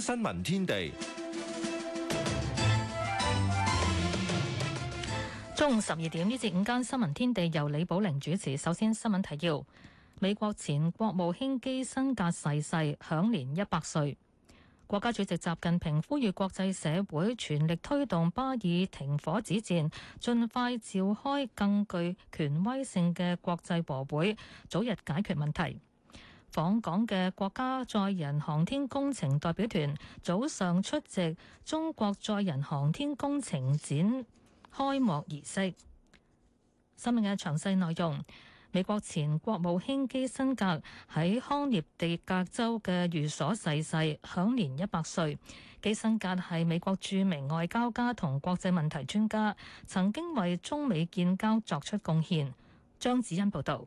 新聞天地，中午十二點，呢節午間新聞天地由李寶玲主持。首先新聞提要：美國前國務卿基辛格逝世，享年一百歲。國家主席習近平呼籲國際社會全力推動巴以停火止戰，盡快召開更具權威性嘅國際和會，早日解決問題。訪港嘅國家載人航天工程代表團早上出席中國載人航天工程展開幕儀式。新聞嘅詳細內容：美國前國務卿基辛格喺康涅狄格州嘅寓所逝世，世，享年一百歲。基辛格係美國著名外交家同國際問題專家，曾經為中美建交作出貢獻。張子欣報道。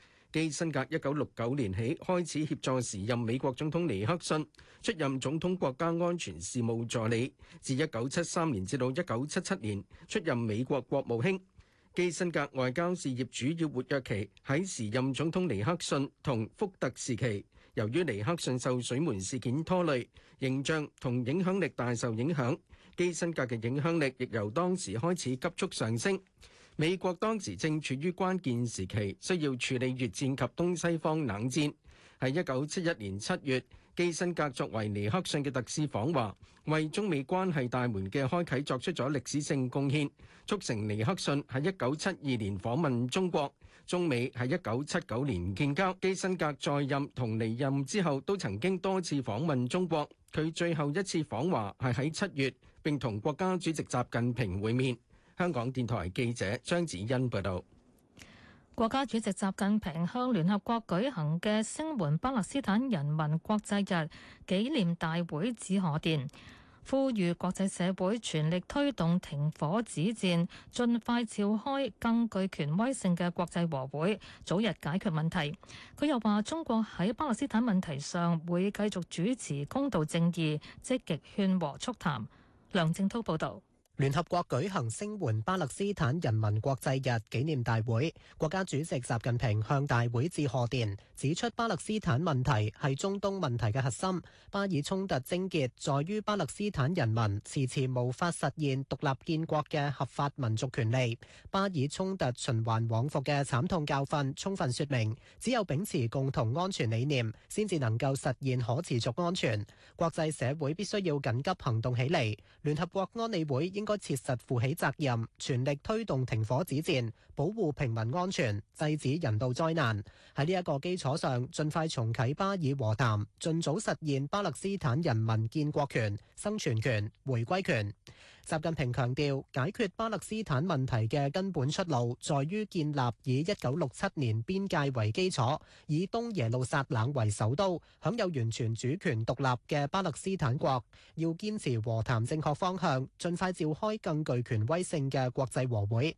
基辛格1969年起開始協助時任美國總統尼克遜，出任總統國家安全事務助理，自1973年至到1977年出任美國國務卿。基辛格外交事業主要活躍期喺時任總統尼克遜同福特時期。由於尼克遜受水門事件拖累，形象同影響力大受影響，基辛格嘅影響力亦由當時開始急速上升。美國當時正處於關鍵時期，需要處理越戰及東西方冷戰。喺一九七一年七月，基辛格作為尼克遜嘅特使訪華，為中美關係大門嘅開啟作出咗歷史性貢獻，促成尼克遜喺一九七二年訪問中國。中美喺一九七九年建交，基辛格在任同離任之後都曾經多次訪問中國。佢最後一次訪華係喺七月，並同國家主席習近平會面。香港電台記者張子欣報道。國家主席習近平向聯合國舉行嘅聲援巴勒斯坦人民國際日紀念大會致賀電，呼籲國際社會全力推動停火止戰，盡快召開更具權威性嘅國際和會，早日解決問題。佢又話：中國喺巴勒斯坦問題上會繼續主持公道正義，積極勸和促談。梁正滔報導。聯合國舉行聲援巴勒斯坦人民國際日紀念大會，國家主席習近平向大會致賀電，指出巴勒斯坦問題係中東問題嘅核心，巴以衝突症結在於巴勒斯坦人民遲遲無法實現獨立建國嘅合法民族權利，巴以衝突循環往復嘅慘痛教訓，充分說明只有秉持共同安全理念，先至能夠實現可持續安全，國際社會必須要緊急行動起嚟，聯合國安理會應該。切實負起責任，全力推動停火止戰，保護平民安全，制止人道災難。喺呢一個基礎上，盡快重啟巴以和談，盡早實現巴勒斯坦人民建國權、生存權、回歸權。習近平強調，解決巴勒斯坦問題嘅根本出路，在於建立以一九六七年邊界為基礎、以東耶路撒冷為首都、享有完全主權獨立嘅巴勒斯坦國。要堅持和談正確方向，盡快召開更具權威性嘅國際和會。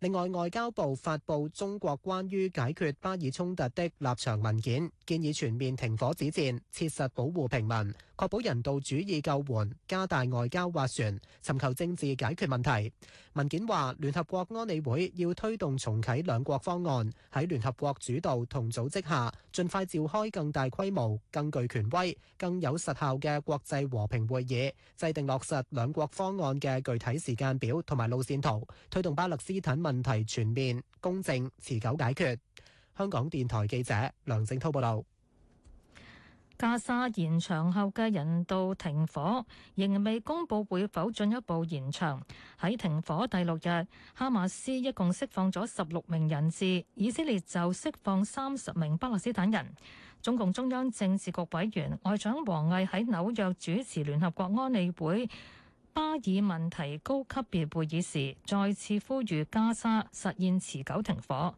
另外，外交部發布中國關於解決巴以衝突的立場文件，建議全面停火止戰，切實保護平民。確保人道主義救援，加大外交斡旋，尋求政治解決問題。文件話，聯合國安理會要推動重啟兩國方案，喺聯合國主導同組織下，盡快召開更大規模、更具權威、更有實效嘅國際和平會議，制定落實兩國方案嘅具體時間表同埋路線圖，推動巴勒斯坦問題全面、公正、持久解決。香港電台記者梁正滔報道。加沙延長後嘅人道停火仍未公佈會否進一步延長。喺停火第六日，哈馬斯一共釋放咗十六名人質，以色列就釋放三十名巴勒斯坦人。中共中央政治局委員外長王毅喺紐約主持聯合國安理會巴以問題高級別會議時，再次呼籲加沙實現持久停火。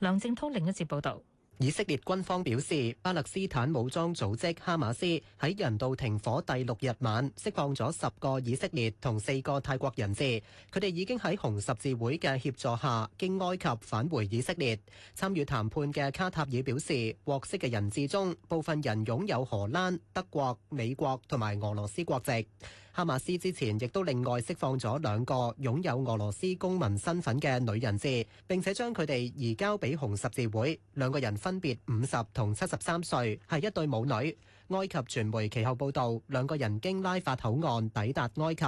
梁正滔另一節報道。以色列軍方表示，巴勒斯坦武裝組織哈馬斯喺人道停火第六日晚釋放咗十個以色列同四個泰國人質，佢哋已經喺紅十字會嘅協助下經埃及返回以色列。參與談判嘅卡塔爾表示，獲釋嘅人質中，部分人擁有荷蘭、德國、美國同埋俄羅斯國籍。哈馬斯之前亦都另外釋放咗兩個擁有俄羅斯公民身份嘅女人士，並且將佢哋移交畀紅十字會。兩個人分別五十同七十三歲，係一對母女。埃及傳媒其後報導，兩個人經拉法口岸抵達埃及。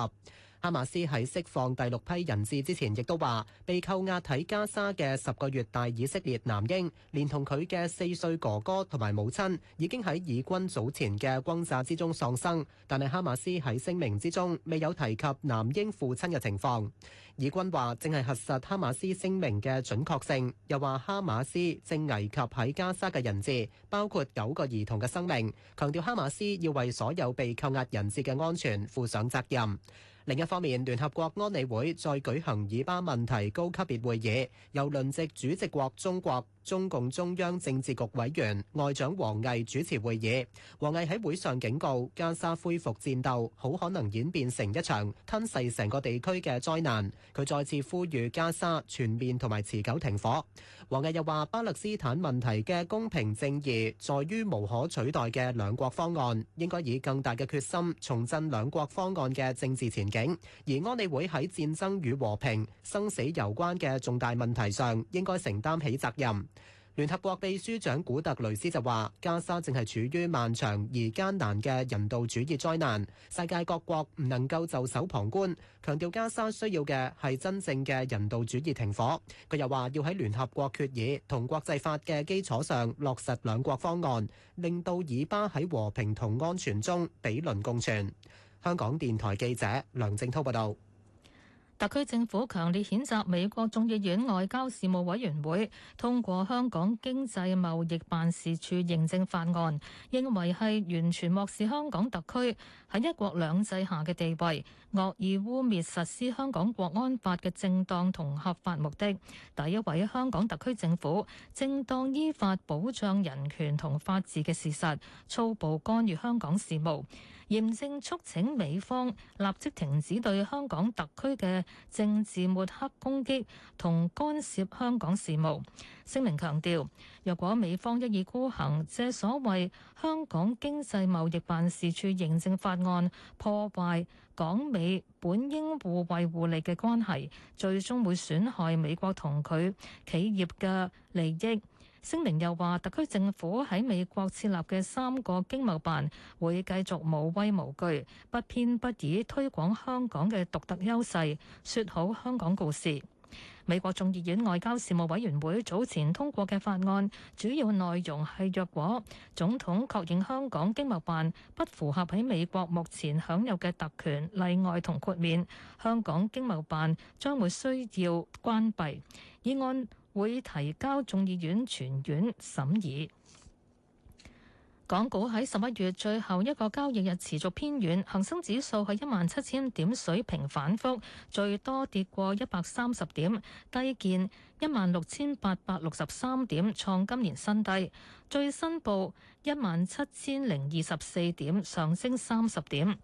哈馬斯喺釋放第六批人質之前，亦都話被扣押喺加沙嘅十個月大以色列男嬰，連同佢嘅四歲哥哥同埋母親已經喺以軍早前嘅轟炸之中喪生。但係哈馬斯喺聲明之中未有提及男嬰父親嘅情況。以軍話正係核實哈馬斯聲明嘅準確性，又話哈馬斯正危及喺加沙嘅人質，包括九個兒童嘅生命，強調哈馬斯要為所有被扣押人質嘅安全負上責任。另一方面，聯合國安理會再舉行以巴問題高級別會議，由輪值主席國中國。中共中央政治局委員外長王毅主持會議，王毅喺會上警告，加沙恢復戰鬥好可能演變成一場吞噬成個地區嘅災難，佢再次呼籲加沙全面同埋持久停火。王毅又話，巴勒斯坦問題嘅公平正義在於無可取代嘅兩國方案，應該以更大嘅決心重振兩國方案嘅政治前景。而安理會喺戰爭與和平、生死攸關嘅重大問題上，應該承擔起責任。聯合國秘書長古特雷斯就話：加沙正係處於漫長而艱難嘅人道主義災難，世界各國唔能夠袖手旁觀，強調加沙需要嘅係真正嘅人道主義停火。佢又話：要喺聯合國決議同國際法嘅基礎上落實兩國方案，令到以巴喺和平同安全中比鄰共存。香港電台記者梁正滔報道。特區政府強烈譴責美國眾議院外交事務委員會通過香港經濟貿易辦事處認證法案，認為係完全漠視香港特區喺一國兩制下嘅地位，惡意污蔑實施香港國安法嘅正當同合法目的，詆毀香港特區政府正當依法保障人權同法治嘅事實，粗暴干預香港事務。嚴正促請美方立即停止對香港特區嘅政治抹黑攻擊同干涉香港事務。聲明強調，若果美方一意孤行，借所謂香港經濟貿易辦事處認證法案破壞港美本應互惠互利嘅關係，最終會損害美國同佢企業嘅利益。聲明又話，特區政府喺美國設立嘅三個經貿辦會繼續無畏無懼、不偏不倚，推廣香港嘅獨特優勢，説好香港故事。美國眾議院外交事務委員會早前通過嘅法案，主要內容係若果總統確認香港經貿辦不符合喺美國目前享有嘅特權例外同豁免，香港經貿辦將會需要關閉。議案，會提交眾議院全院審議。港股喺十一月最後一個交易日持續偏軟，恒生指數喺一萬七千點水平反覆，最多跌過一百三十點，低見一萬六千八百六十三點，創今年新低。最新報一萬七千零二十四點，上升三十點。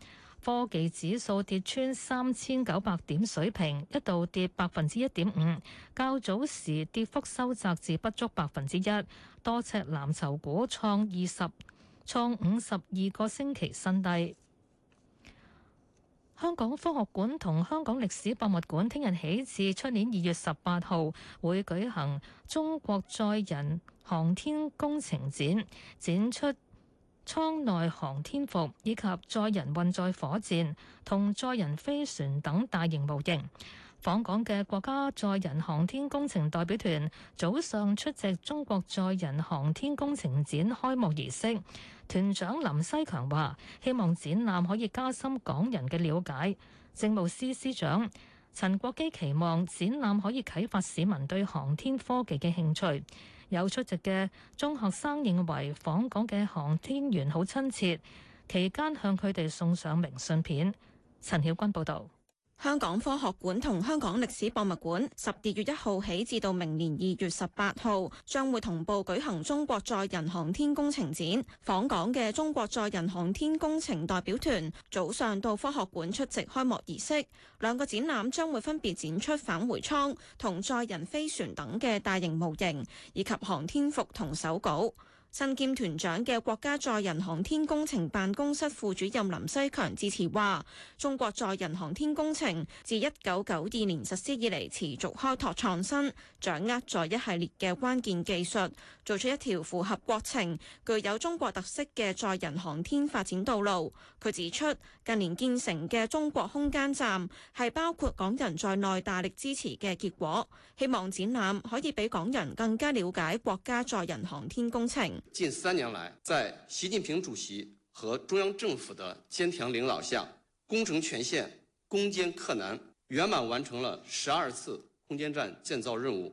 科技指數跌穿三千九百點水平，一度跌百分之一點五，較早時跌幅收窄至不足百分之一。多隻藍籌股創二十創五十二個星期新低。香港科學館同香港歷史博物館聽日起至出年二月十八號會舉行中國載人航天工程展，展出艙內航天服、以及載人運載火箭同載人飛船等大型模型，訪港嘅國家載人航天工程代表團早上出席中國載人航天工程展開幕儀式。團長林西強話，希望展覽可以加深港人嘅了解。政務司司長陳國基期望展覽可以啟發市民對航天科技嘅興趣。有出席嘅中學生認為訪港嘅航天員好親切，期間向佢哋送上明信片。陳曉君報導。香港科學館同香港歷史博物館十二月一號起至到明年二月十八號，將會同步舉行中國載人航天工程展。訪港嘅中國載人航天工程代表團早上到科學館出席開幕儀式。兩個展覽將會分別展出返回艙同載人飛船等嘅大型模型，以及航天服同手稿。身兼團長嘅國家載人航天工程辦公室副主任林西強致辭話：中國載人航天工程自一九九二年實施以嚟，持續開拓創新，掌握咗一系列嘅關鍵技術。做出一條符合國情、具有中國特色嘅載人航天發展道路。佢指出，近年建成嘅中國空間站係包括港人在內大力支持嘅結果。希望展覽可以俾港人更加了解國家載人航天工程。近三年來，在習近平主席和中央政府的堅強領導下，工程全線攻堅克難，圓滿完成了十二次空間站建造任務，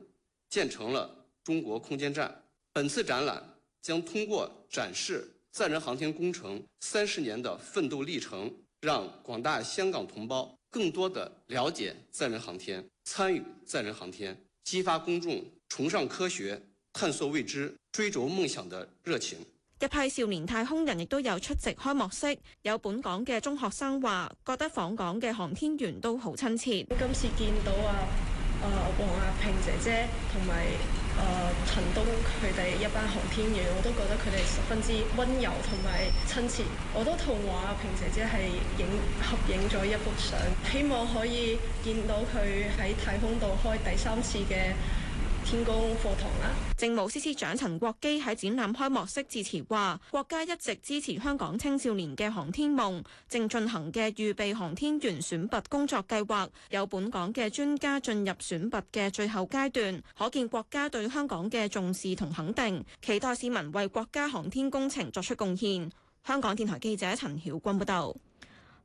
建成了中國空間站。本次展覽將通過展示載人航天工程三十年的奮鬥歷程，讓廣大香港同胞更多的了解載人航天、參與載人航天，激發公眾崇尚科學、探索未知、追逐夢想的熱情。一批少年太空人亦都有出席開幕式，有本港嘅中學生話，覺得訪港嘅航天員都好親切。今次見到啊，啊、呃、王亞平姐姐同埋。誒、呃、陳冬佢哋一班航天員，我都覺得佢哋十分之温柔同埋親切。我都同亞平姐姐係影合影咗一幅相，希望可以見到佢喺太空度開第三次嘅。天宮課堂啦、啊！政務司司長陳國基喺展覽開幕式致辭話：國家一直支持香港青少年嘅航天夢，正進行嘅預備航天員選拔工作計劃，有本港嘅專家進入選拔嘅最後階段，可見國家對香港嘅重視同肯定，期待市民為國家航天工程作出貢獻。香港電台記者陳曉君報道。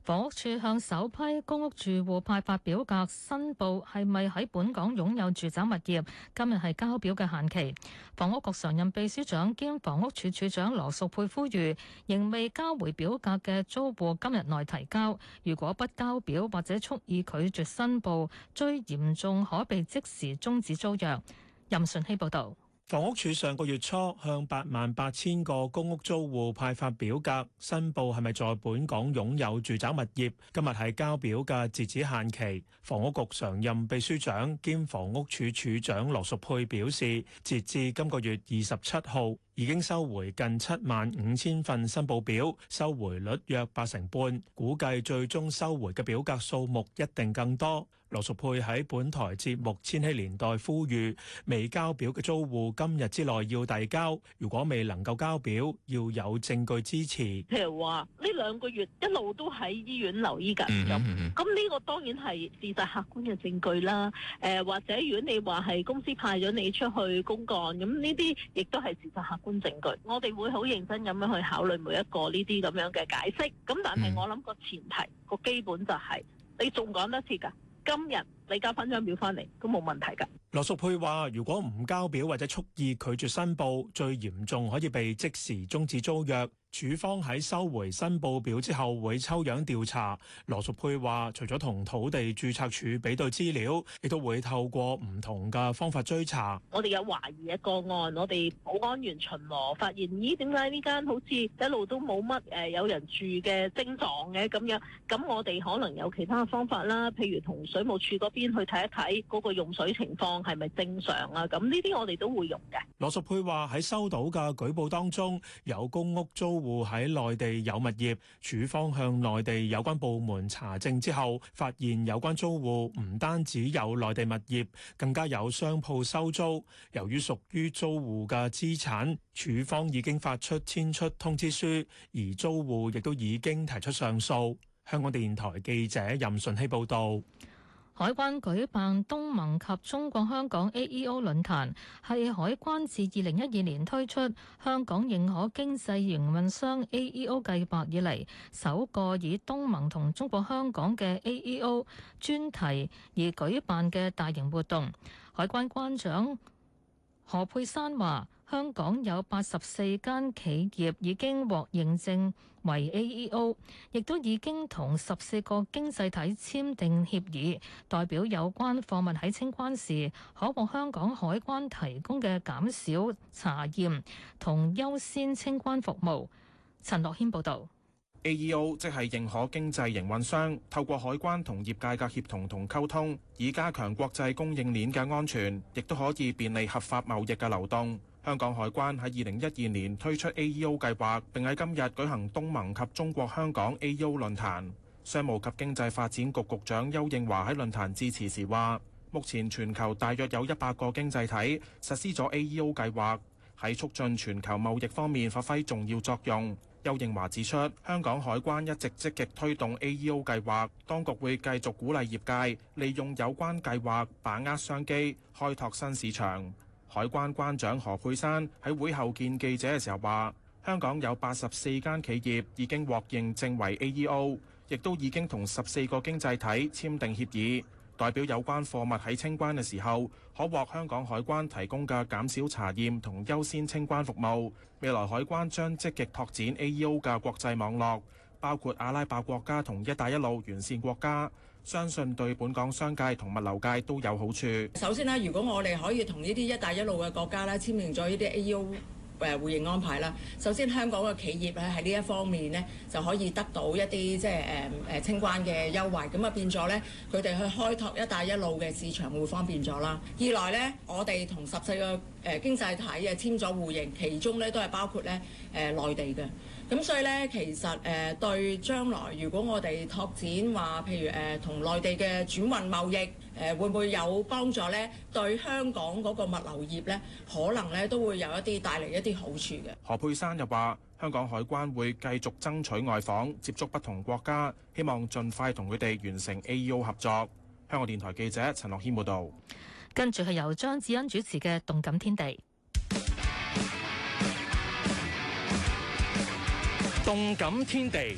房屋署向首批公屋住戶派發表格，申報係咪喺本港擁有住宅物業，今日係交表嘅限期。房屋局常任秘書長兼房屋署署長羅淑佩呼籲，仍未交回表格嘅租戶今日內提交。如果不交表或者蓄意拒絕申報，最嚴重可被即時終止租約。任順希報導。房屋署上個月初向八萬八千個公屋租戶派發表格，申報係咪在本港擁有住宅物業。今日係交表嘅截止限期。房屋局常任秘書長兼房屋署署長羅淑佩表示，截至今個月二十七號，已經收回近七萬五千份申報表，收回率約八成半，估計最終收回嘅表格數目一定更多。羅淑佩喺本台節目《千禧年代》呼籲，未交表嘅租戶今日之內要遞交，如果未能夠交表，要有證據支持。譬如話呢兩個月一路都喺醫院留醫緊咁，咁呢個當然係事實客觀嘅證據啦。誒或者如果你話係公司派咗你出去公幹，咁呢啲亦都係事實客觀。證據，我哋會好認真咁樣去考慮每一個呢啲咁樣嘅解釋。咁但係我諗個前提，個基本就係，你仲講多次噶，今日。你交翻張表翻嚟都冇問題㗎。羅淑佩話：如果唔交表或者蓄意拒絕申報，最嚴重可以被即時終止租約。署方喺收回申報表之後會抽樣調查。羅淑佩話：除咗同土地註冊處比對資料，亦都會透過唔同嘅方法追查。我哋有懷疑嘅個案，我哋保安員巡邏發現，咦？點解呢間好似一路都冇乜誒有人住嘅症狀嘅咁樣？咁我哋可能有其他方法啦，譬如同水務署嗰邊。先去睇一睇嗰個用水情況係咪正常啊？咁呢啲我哋都會用嘅。羅淑佩話，喺收到嘅舉報當中，有公屋租戶喺內地有物業，署方向內地有關部門查證之後，發現有關租戶唔單止有內地物業，更加有商鋪收租。由於屬於租戶嘅資產，署方已經發出遷出通知書，而租戶亦都已經提出上訴。香港電台記者任順希報道。海關舉辦東盟及中國香港 AEO 論壇，係海關自二零一二年推出香港認可經濟營運商 AEO 計劃以嚟，首個以東盟同中國香港嘅 AEO 專題而舉辦嘅大型活動。海關關長何佩珊話：香港有八十四間企業已經獲認證為 AEO，亦都已經同十四個經濟體簽訂協議，代表有關貨物喺清關時可獲香港海關提供嘅減少查驗同優先清關服務。陳樂軒報導，AEO 即係認可經濟營運商，透過海關同業界嘅協同同溝通，以加強國際供應鏈嘅安全，亦都可以便利合法貿易嘅流動。香港海關喺二零一二年推出 AEO 計劃，並喺今日舉行東盟及中國香港 AEO 論壇。商務及經濟發展局局長邱應華喺論壇致辭時話，目前全球大約有一百個經濟體實施咗 AEO 計劃，喺促進全球貿易方面發揮重要作用。邱應華指出，香港海關一直積極推動 AEO 計劃，當局會繼續鼓勵業界利用有關計劃把握商機，開拓新市場。海關關長何佩珊喺會後見記者嘅時候話，香港有八十四間企業已經獲認證為 AEO，亦都已經同十四個經濟體簽訂協議，代表有關貨物喺清關嘅時候可獲香港海關提供嘅減少查驗同優先清關服務。未來海關將積極拓展 AEO 嘅國際網絡，包括阿拉伯國家同一帶一路沿線國家。相信對本港商界同物流界都有好處。首先啦，如果我哋可以同呢啲一帶一路嘅國家咧簽訂咗呢啲 A U 誒互認安排啦，首先香港嘅企業咧喺呢一方面咧就可以得到一啲即係誒誒清關嘅優惠，咁啊變咗咧佢哋去開拓一帶一路嘅市場會方便咗啦。二來咧，我哋同十四個誒經濟體啊簽咗互認，其中咧都係包括咧誒、呃、內地嘅。咁所以咧，其實誒對將來，如果我哋拓展話，譬如誒同內地嘅轉運貿易，誒會唔會有幫助咧？對香港嗰個物流業咧，可能咧都會有一啲帶嚟一啲好處嘅。何佩珊又話：香港海關會繼續爭取外訪，接觸不同國家，希望盡快同佢哋完成 AEO 合作。香港電台記者陳樂謙報道。跟住係由張子恩主持嘅《動感天地》。動感天地，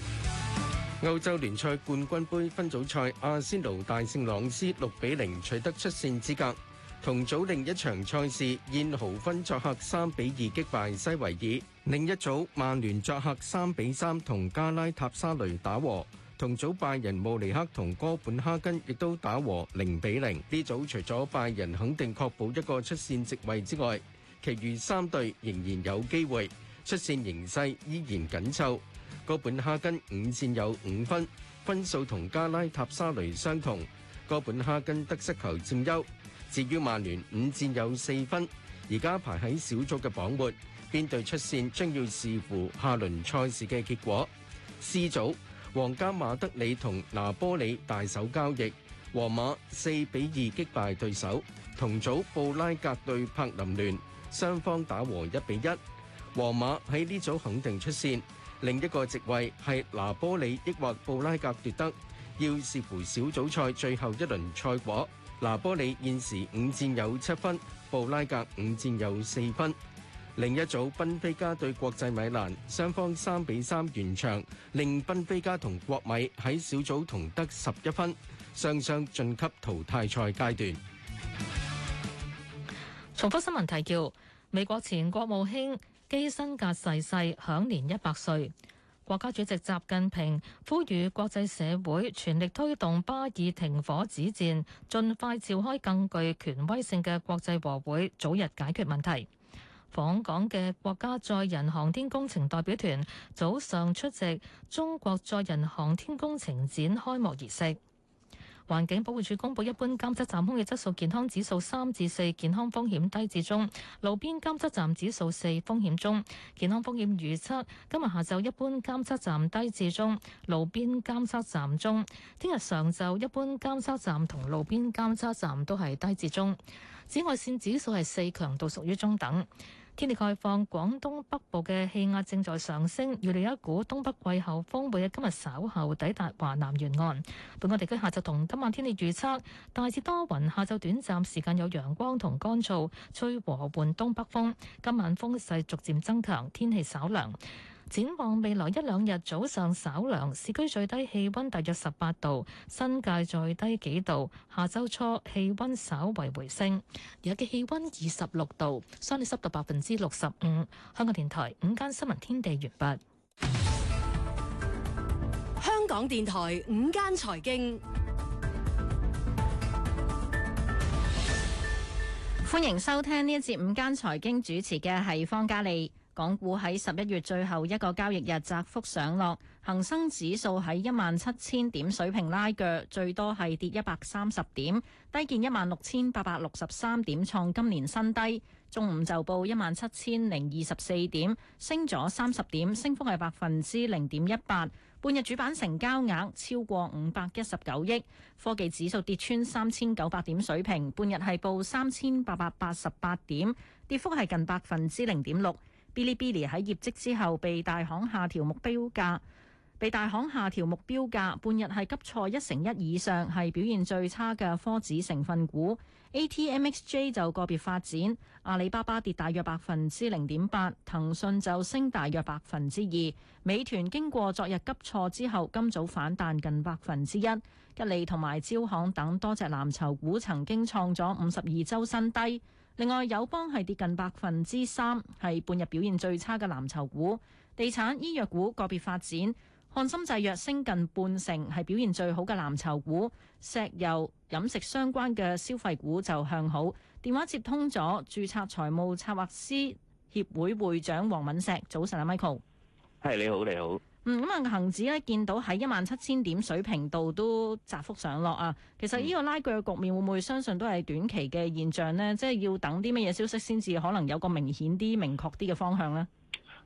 歐洲聯賽冠軍盃分組賽，阿仙奴大勝朗斯六比零，取得出線資格。同組另一場賽事，燕豪芬作客三比二擊敗西維爾。另一組，曼聯作客三比三同加拉塔沙雷打和。同組拜仁慕尼黑同哥本哈根亦都打和零比零。呢組除咗拜仁肯定確保一個出線席位之外，其餘三隊仍然有機會。出線形勢依然緊湊，哥本哈根五戰有五分，分數同加拉塔沙雷相同。哥本哈根得失球佔優。至於曼聯五戰有四分，而家排喺小組嘅榜末，邊隊出線將要視乎下輪賽事嘅結果。C 組，皇家馬德里同拿波里大手交易，皇馬四比二擊敗對手。同組布拉格對柏林聯，雙方打和一比一。皇馬喺呢組肯定出線，另一個席位係拿波里抑或布拉格奪得，要視乎小組賽最後一輪賽果。拿波里現時五戰有七分，布拉格五戰有四分。另一組，賓菲加對國際米蘭，雙方三比三完場，令賓菲加同國米喺小組同得十一分，雙雙晉級淘汰賽階段。重複新聞提要：美國前國務卿。基辛格逝世，世享年一百歲。國家主席習近平呼籲國際社會全力推動巴以停火止戰，盡快召開更具權威性嘅國際和會，早日解決問題。訪港嘅國家載人航天工程代表團早上出席中國載人航天工程展開幕儀式。環境保護署公布，一般監測站空氣質素健康指數三至四，健康風險低至中；路邊監測站指數四，風險中，健康風險預測今日下晝一般監測站低至中，路邊監測站中；聽日上晝一般監測站同路邊監測站都係低至中，紫外線指數係四，強度屬於中等。天氣概況，廣東北部嘅氣壓正在上升，預料一股東北季候風會喺今日稍後抵達華南沿岸。本港地區下晝同今晚天氣預測：大致多雲，下晝短暫時間有陽光同乾燥，吹和緩東北風。今晚風勢逐漸增強，天氣稍涼。展望未來一兩日，早上稍涼，市區最低氣温大約十八度，新界再低幾度。下周初氣温稍為回升。而家嘅氣温二十六度，相對濕度百分之六十五。香港電台午間新聞天地完畢。香港電台午間財經，歡迎收聽呢一節午間財經，主持嘅係方嘉莉。港股喺十一月最後一個交易日窄幅上落，恒生指數喺一萬七千點水平拉鋸，最多係跌一百三十點，低見一萬六千八百六十三點，創今年新低。中午就報一萬七千零二十四點，升咗三十點，升幅係百分之零點一八。半日主板成交額超過五百一十九億，科技指數跌穿三千九百點水平，半日係報三千八百八十八點，跌幅係近百分之零點六。Bilibili 喺業績之後被大行下調目標價，被大行下調目標價，半日係急挫一成一以上，係表現最差嘅科指成分股。ATMXJ 就個別發展，阿里巴巴跌大約百分之零點八，騰訊就升大約百分之二，美團經過昨日急挫之後，今早反彈近百分之一。吉利同埋招行等多隻藍籌股曾經創咗五十二周新低。另外，友邦係跌近百分之三，係半日表現最差嘅藍籌股。地產醫藥股個別發展，漢森製藥升近半成，係表現最好嘅藍籌股。石油、飲食相關嘅消費股就向好。電話接通咗，註冊財務策劃師協會會長黃敏石，早晨啊，Michael。係、hey, 你好，你好。嗯，咁啊，恒指咧見到喺一萬七千點水平度都窄幅上落啊。其實呢個拉鋸嘅局面會唔會相信都係短期嘅現象呢？即係要等啲乜嘢消息先至可能有個明顯啲、明確啲嘅方向呢？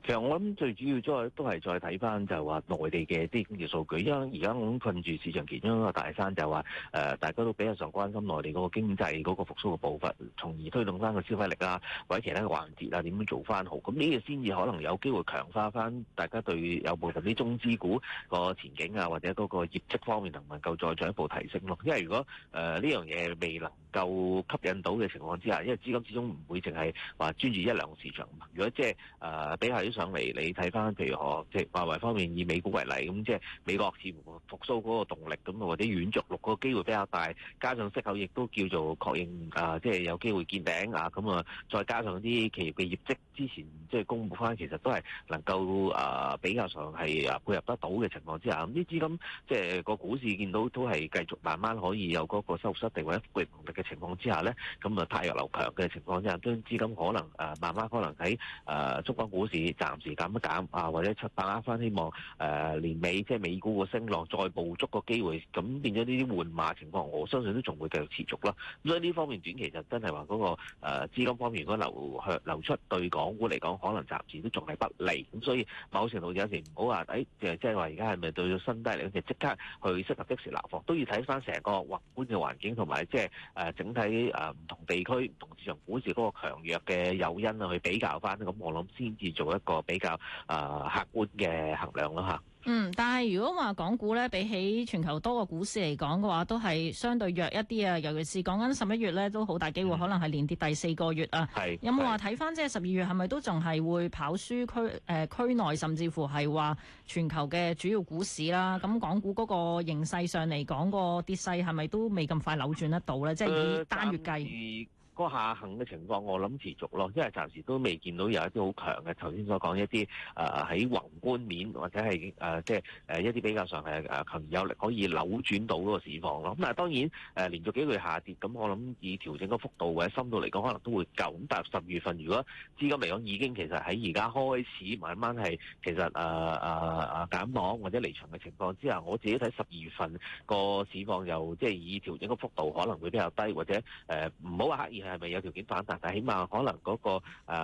其實我諗最主要都係都係再睇翻就話內地嘅啲經濟數據，因為而家我諗困住市場其中一個大山就話誒，大家都比較上關心內地嗰個經濟嗰個復甦嘅步伐，從而推動翻個消費力啊，或者其他嘅環節啊，點樣做翻好，咁呢個先至可能有機會強化翻大家對有部分啲中資股個前景啊，或者嗰個業績方面能唔能夠再進一步提升咯。因為如果誒呢樣嘢未能夠吸引到嘅情況之下，因為資金始終唔會淨係話專注一兩個市場。如果即係誒，比係。上嚟你睇翻，譬如可即係華為方面，以美股為例咁、嗯、即係美國似乎復甦嗰個動力咁啊，或者軟著陸嗰個機會比較大，加上息口亦都叫做確認啊、呃、即係有機會見頂啊咁啊，再加上啲企業嘅業績之前即係公布翻其實都係能夠啊、呃、比較上係啊配合得到嘅情況之下，咁、嗯、啲資金即係個股市見到都係繼續慢慢可以有嗰個收復失地或者復原力嘅情況之下咧，咁啊太弱流強嘅情況之下，都、嗯、資金可能啊、呃、慢慢可能喺啊中國股市。暫時減一減啊，或者出把握翻希望誒年尾即係美股個升浪再捕捉個機會，咁變咗呢啲換馬情況，我相信都仲會繼續持續啦。咁所以呢方面短期就真係話嗰個誒資金方面嗰個流向流出對港股嚟講，可能暫時都仲係不利。咁所以某程度有時唔好話誒，即係話而家係咪到咗新低嚟，就即刻去適合即時落貨，都要睇翻成個宏觀嘅環境同埋即係誒整體誒唔同地區唔同市場股市嗰個強弱嘅誘因啊，去比較翻，咁我諗先至做一個比較啊客觀嘅衡量咯嚇，嗯，但係如果話港股咧，比起全球多個股市嚟講嘅話，都係相對弱一啲啊。尤其係講緊十一月咧，都好大機會可能係連跌第四個月啊。係是有冇話睇返即係十二月係咪都仲係會跑輸區誒、呃、區內，甚至乎係話全球嘅主要股市啦？咁港股嗰個形勢上嚟講，個跌勢係咪都未咁快扭轉得到咧？呃、即係以單月計。呃個下行嘅情況，我諗持續咯，因為暫時都未見到有一啲好強嘅，頭先所講一啲誒喺宏觀面或者係誒、呃、即係誒一啲比較上係誒強有力可以扭轉到嗰個市況咯。咁但係當然誒、呃、連續幾個月下跌，咁我諗以調整個幅度或者深度嚟講，可能都會夠。咁但係十月份如果資金嚟講已經其實喺而家開始慢慢係其實誒誒誒減倉或者離場嘅情況之下，我自己睇十二月份個市況又即係以調整個幅度可能會比較低，或者誒唔好刻意。係咪有條件反彈？但係起碼可能嗰、個誒誒、呃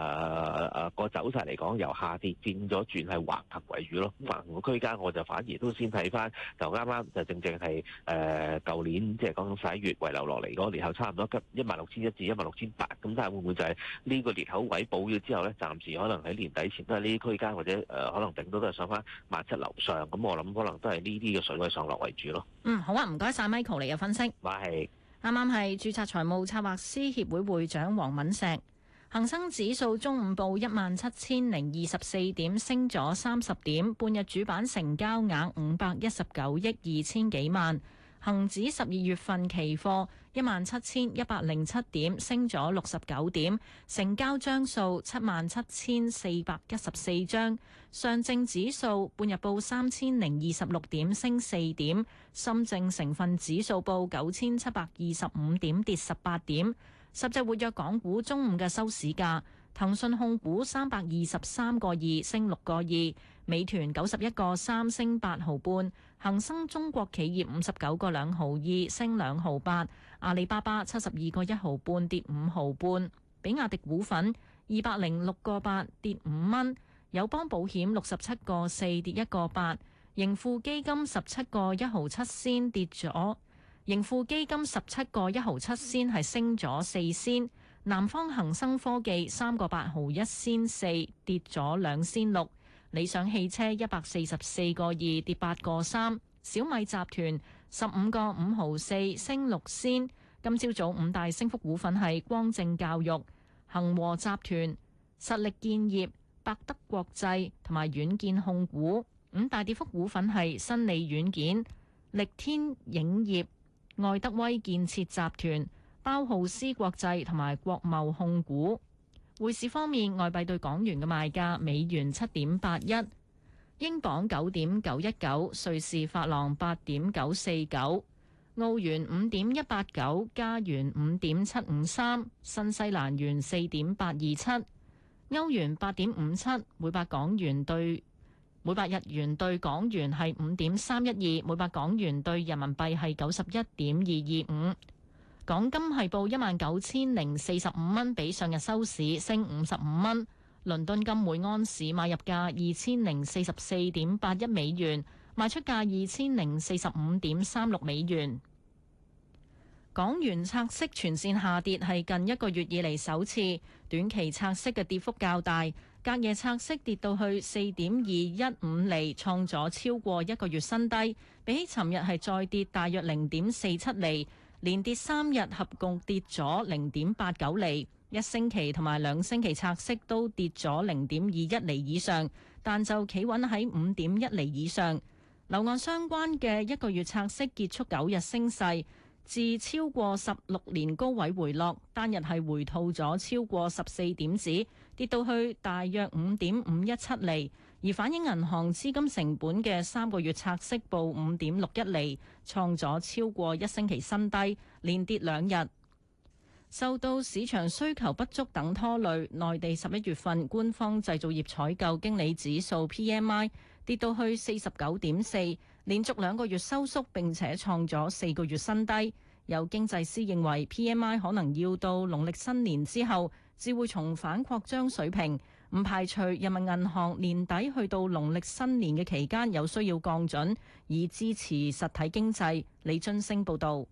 啊啊、走勢嚟講，由下跌轉咗轉係橫行為主咯。橫行個區間，我就反而都先睇翻，就啱啱就正正係誒舊年，即係講緊十一月遺留落嚟嗰年後差唔多一萬六千一至一萬六千八。咁但係會唔會就係呢個裂口位補咗之後咧，暫時可能喺年底前都係呢啲區間，或者誒可能頂多都係上翻萬七樓上。咁我諗可能都係呢啲嘅水位上落為主咯。嗯，好啊，唔該晒 Michael 你嘅分析。唔該，啱啱係註冊財務策劃師協會會長黃敏石。恒生指數中午報一萬七千零二十四點，升咗三十點。半日主板成交額五百一十九億二千幾萬。恒指十二月份期貨一萬七千一百零七點升咗六十九點，成交張數七萬七千四百一十四張，上證指數半日報三千零二十六點升四點，深證成分指數報九千七百二十五點跌十八點，十隻活躍港股中午嘅收市價騰訊控股三百二十三個二，升六個二；美團九十一個三，升八毫半。恒生中國企業五十九個兩毫二升兩毫八，阿里巴巴七十二個一毫半跌五毫半，比亞迪股份二百零六個八跌五蚊，友邦保險六十七個四跌一個八，盈富基金十七個一毫七仙跌咗，盈富基金十七個一毫七仙係升咗四仙，南方恒生科技三個八毫一仙四跌咗兩仙六。理想汽車一百四十四個二跌八個三，小米集團十五個五毫四升六仙。今朝早，早五大升幅股份係光正教育、恒和集團、實力建業、百德國際同埋軟件控股。五大跌幅股份係新理軟件、力天影業、愛德威建設集團、包浩斯國際同埋國貿控股。匯市方面，外幣對港元嘅賣價：美元七點八一，英鎊九點九一九，瑞士法郎八點九四九，澳元五點一八九，加元五點七五三，新西蘭元四點八二七，歐元八點五七。每百港元對每百日元對港元係五點三一二，每百港元對人民幣係九十一點二二五。港金係報一萬九千零四十五蚊，比上日收市升五十五蚊。倫敦金每盎司買入價二千零四十四點八一美元，賣出價二千零四十五點三六美元。港元拆息全線下跌，係近一個月以嚟首次，短期拆息嘅跌幅較大，隔夜拆息跌到去四點二一五厘，創咗超過一個月新低，比起尋日係再跌大約零點四七厘。連跌三日，合共跌咗零點八九厘。一星期同埋兩星期拆息都跌咗零點二一厘以上，但就企穩喺五點一厘以上。樓按相關嘅一個月拆息結束九日升勢，自超過十六年高位回落，單日係回吐咗超過十四點子，跌到去大約五點五一七厘。而反映銀行資金成本嘅三個月拆息報五點六一厘，創咗超過一星期新低，連跌兩日。受到市場需求不足等拖累，內地十一月份官方製造業採購經理指數 PMI 跌到去四十九點四，連續兩個月收縮，並且創咗四個月新低。有經濟師認為，PMI 可能要到農曆新年之後，至會重返擴張水平。唔排除人民銀行年底去到農曆新年嘅期間有需要降準，以支持實體經濟。李津升報道。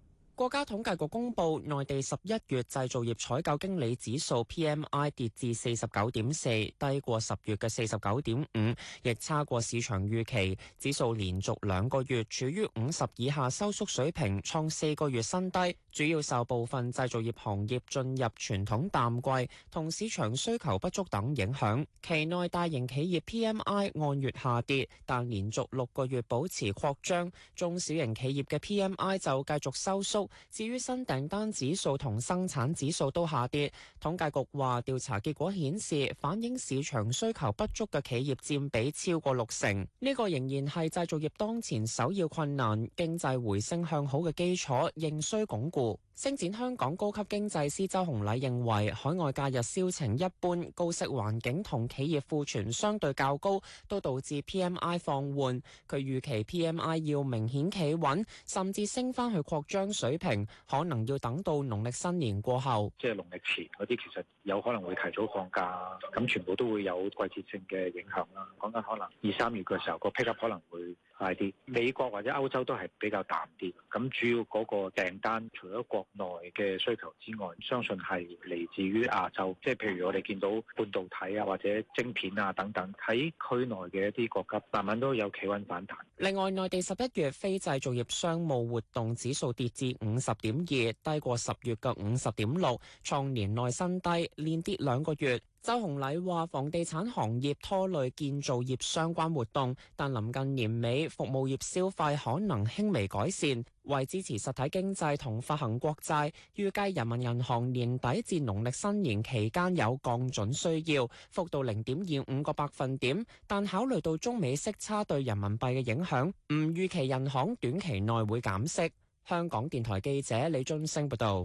國家統計局公布，內地十一月製造業採購經理指數 PMI 跌至四十九點四，低過十月嘅四十九點五，亦差過市場預期。指數連續兩個月處於五十以下收縮水平，創四個月新低。主要受部分製造業行業進入傳統淡季同市場需求不足等影響。期內大型企業 PMI 按月下跌，但連續六個月保持擴張。中小型企業嘅 PMI 就繼續收縮。至於新訂單指數同生產指數都下跌，統計局話，調查結果顯示，反映市場需求不足嘅企業占比超過六成，呢個仍然係製造業當前首要困難，經濟回升向好嘅基礎仍需鞏固。星展香港高級經濟師周紅禮認為，海外假日銷情一般，高息環境同企業庫存相對較高，都導致 PMI 放緩。佢預期 PMI 要明顯企穩，甚至升翻去擴張水平，可能要等到農曆新年過後，即係農曆前嗰啲，其實有可能會提早放假，咁全部都會有季節性嘅影響啦。講緊可能二三月嘅時候，個 pick up 可能會。快啲，美國或者歐洲都係比較淡啲。咁主要嗰個訂單，除咗國內嘅需求之外，相信係嚟自於亞洲，即係譬如我哋見到半導體啊，或者晶片啊等等，喺區內嘅一啲國家慢慢都有企穩反彈。另外，內地十一月非製造業商務活動指數跌至五十點二，低過十月嘅五十點六，創年內新低，連跌兩個月。周洪禮話：房地產行業拖累建造業相關活動，但臨近年尾，服務業消費可能輕微改善。為支持實體經濟同發行國債，預計人民銀行年底至農曆新年期間有降準需要，幅度零點二五個百分點。但考慮到中美息差對人民幣嘅影響，唔預期銀行短期內會減息。香港電台記者李津升報道。